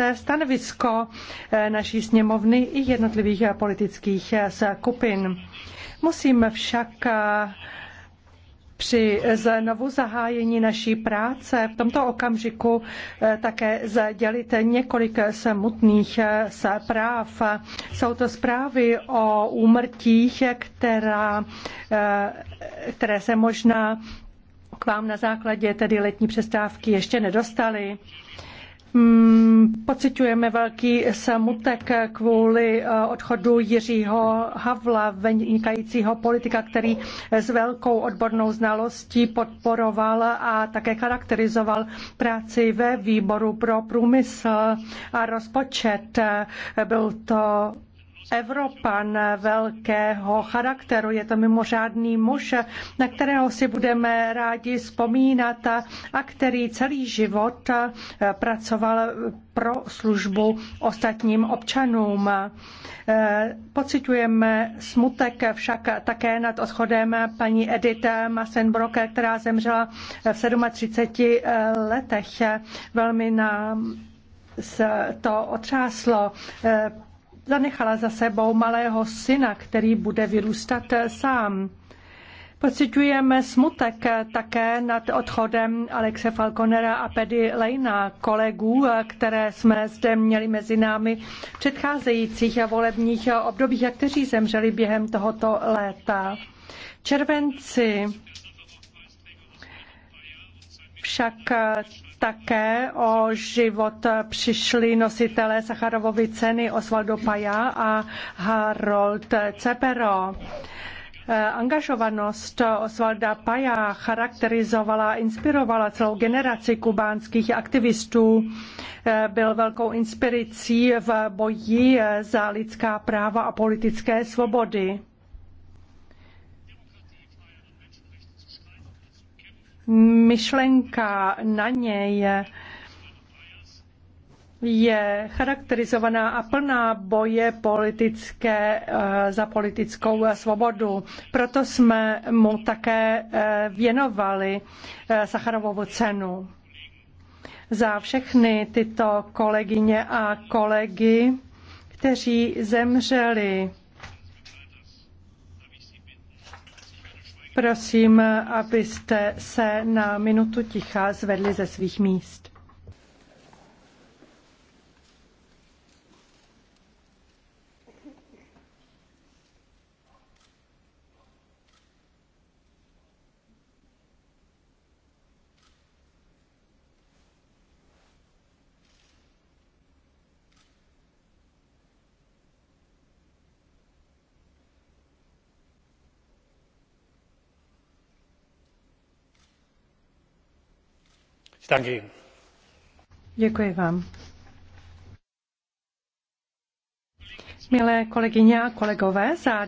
se stanovisko eh, naší sněmovny i jednotlivých eh, politických eh, skupin. Musím však při znovu zahájení naší práce v tomto okamžiku také sdělit několik smutných zpráv. Jsou to zprávy o úmrtích, která, které se možná k vám na základě tedy letní přestávky ještě nedostaly. Hmm, Pocitujeme velký smutek kvůli eh, odchodu Jiřího Havla, vynikajícího politika, který s velkou odbornou znalostí podporoval a také charakterizoval práci ve výboru pro průmysl a rozpočet. Byl to Evropan velkého charakteru. Je to mimořádný muž, na kterého si budeme rádi vzpomínat a který celý život pracoval pro službu ostatním občanům. Pocitujeme smutek však také nad odchodem paní Edith Masenbrock, která zemřela v 37 letech. Velmi nám se to otřáslo zanechala za sebou malého syna, který bude vyrůstat sám. Pocitujeme smutek také nad odchodem Alexe Falconera a Pedy Lejna, kolegů, které jsme zde měli mezi námi v předcházejících volebních obdobích a kteří zemřeli během tohoto léta. červenci však eh, také o život přišli nositelé Sacharovovy ceny Osvaldo Paja a Harold Cepero. Eh, angažovanost Osvalda Paja charakterizovala a inspirovala celou generaci kubánských aktivistů. Eh, byl velkou inspirací v boji za lidská práva a politické svobody. myšlenka na je, je charakterizovaná a plná boje politické eh, za politickou svobodu. Proto jsme mu také eh, věnovali eh, Sacharovovu cenu. Za všechny tyto kolegyně a kolegy, kteří zemřeli Prosím, abyste se na minutu ticha zvedli ze svých míst. Děkuji vám. Milé kolegyně a kolegové, za